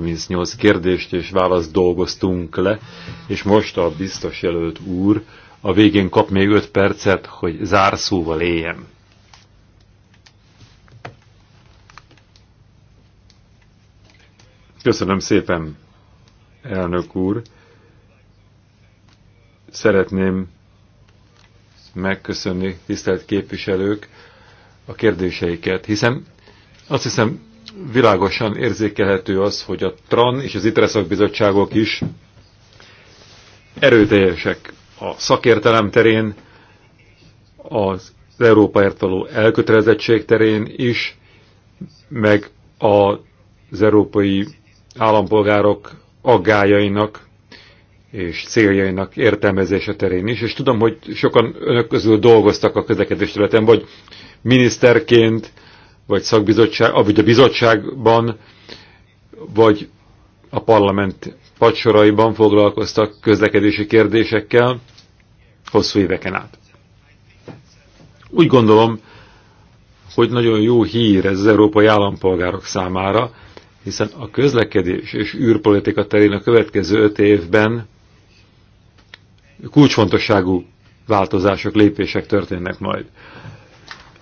38 kérdést és választ dolgoztunk le, és most a biztos jelölt úr a végén kap még 5 percet, hogy zárszóval éljen. Köszönöm szépen, elnök úr. Szeretném megköszönni, tisztelt képviselők, a kérdéseiket, hiszen azt hiszem világosan érzékelhető az, hogy a TRAN és az ITRESZAK bizottságok is erőteljesek a szakértelem terén, az Európaért való elkötelezettség terén is, meg az európai állampolgárok aggájainak és céljainak értelmezése terén is, és tudom, hogy sokan önök közül dolgoztak a közlekedés területen, vagy miniszterként, vagy szakbizottság, ah, vagy a bizottságban, vagy a parlament padsoraiban foglalkoztak közlekedési kérdésekkel hosszú éveken át. Úgy gondolom, hogy nagyon jó hír ez az európai állampolgárok számára, hiszen a közlekedés és űrpolitika terén a következő öt évben kulcsfontosságú változások, lépések történnek majd.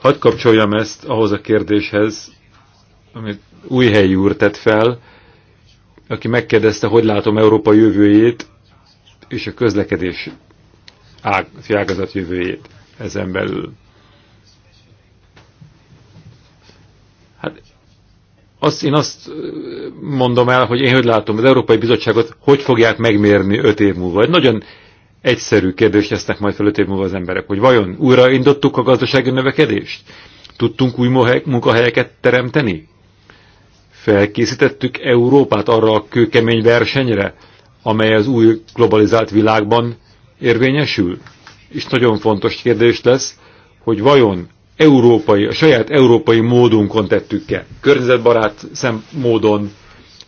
Hadd kapcsoljam ezt ahhoz a kérdéshez, amit Újhelyi úr tett fel, aki megkérdezte, hogy látom Európa jövőjét és a közlekedés ágazat jövőjét ezen belül. Hát azt, én azt mondom el, hogy én hogy látom az Európai Bizottságot, hogy fogják megmérni öt év múlva. Egy nagyon egyszerű kérdést tesznek majd fel öt év múlva az emberek, hogy vajon újraindottuk a gazdasági növekedést? Tudtunk új munkahelyeket teremteni? Felkészítettük Európát arra a kőkemény versenyre, amely az új globalizált világban érvényesül? És nagyon fontos kérdés lesz, hogy vajon európai, a saját európai módunkon tettük-e? Környezetbarát szem módon,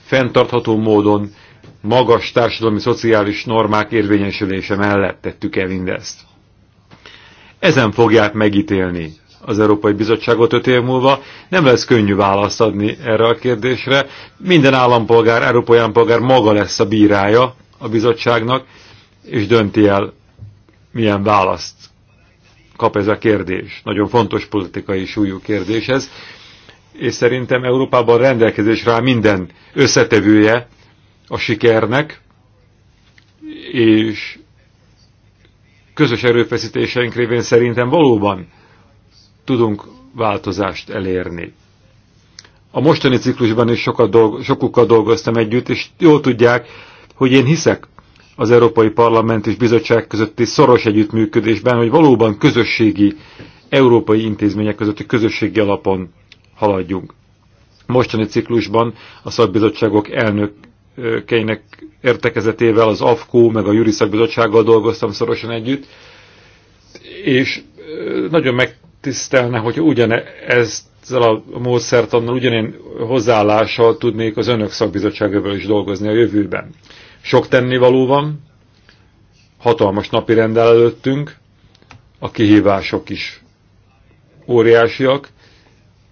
fenntartható módon, magas társadalmi-szociális normák érvényesülése mellett tettük el mindezt. Ezen fogják megítélni az Európai Bizottságot öt év múlva. Nem lesz könnyű választ adni erre a kérdésre. Minden állampolgár, európai állampolgár maga lesz a bírája a bizottságnak, és dönti el, milyen választ kap ez a kérdés. Nagyon fontos politikai súlyú kérdés ez, és szerintem Európában rendelkezésre áll minden összetevője a sikernek, és közös erőfeszítéseink révén szerintem valóban tudunk változást elérni. A mostani ciklusban is sokat dolg sokukkal dolgoztam együtt, és jól tudják, hogy én hiszek az Európai Parlament és Bizottság közötti szoros együttműködésben, hogy valóban közösségi, európai intézmények közötti közösségi alapon haladjunk. Mostani ciklusban a szakbizottságok elnök keinek értekezetével, az AFKO, meg a Juri Szakbizottsággal dolgoztam szorosan együtt, és nagyon megtisztelne, hogy ugyanezzel a módszertannal, ugyanilyen hozzáállással tudnék az önök szakbizottságával is dolgozni a jövőben. Sok tennivaló van, hatalmas napi rendel előttünk, a kihívások is óriásiak,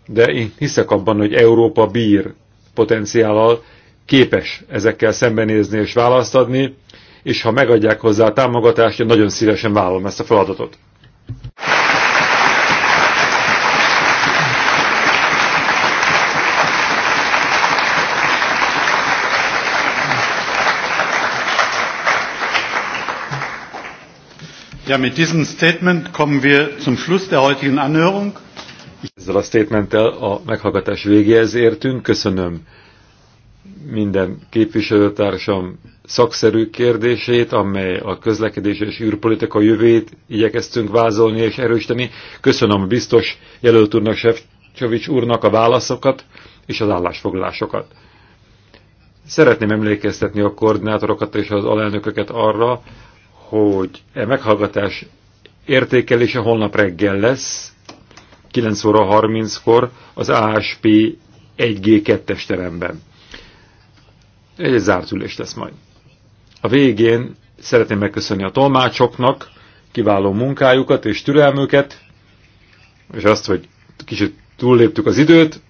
de én hiszek abban, hogy Európa bír potenciállal, képes ezekkel szembenézni és választ adni, és ha megadják hozzá a támogatást, én nagyon szívesen vállalom ezt a feladatot. Ja, mit diesem Statement kommen wir zum Schluss der heutigen Anhörung. Ezzel a statementtel a meghallgatás végéhez értünk. Köszönöm minden képviselőtársam szakszerű kérdését, amely a közlekedés és űrpolitika jövőjét igyekeztünk vázolni és erősíteni. Köszönöm a biztos jelölt úrnak, Sefcsovics úrnak a válaszokat és az állásfoglalásokat. Szeretném emlékeztetni a koordinátorokat és az alelnököket arra, hogy e meghallgatás értékelése holnap reggel lesz, 9 óra 30-kor az ASP 1G2-es teremben egy zárt ülés lesz majd. A végén szeretném megköszönni a tolmácsoknak kiváló munkájukat és türelmüket, és azt, hogy kicsit túlléptük az időt.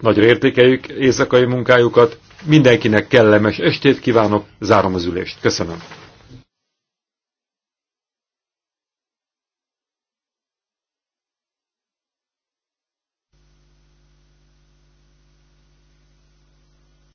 Nagyra értékeljük éjszakai munkájukat. Mindenkinek kellemes estét kívánok, zárom az ülést. Köszönöm.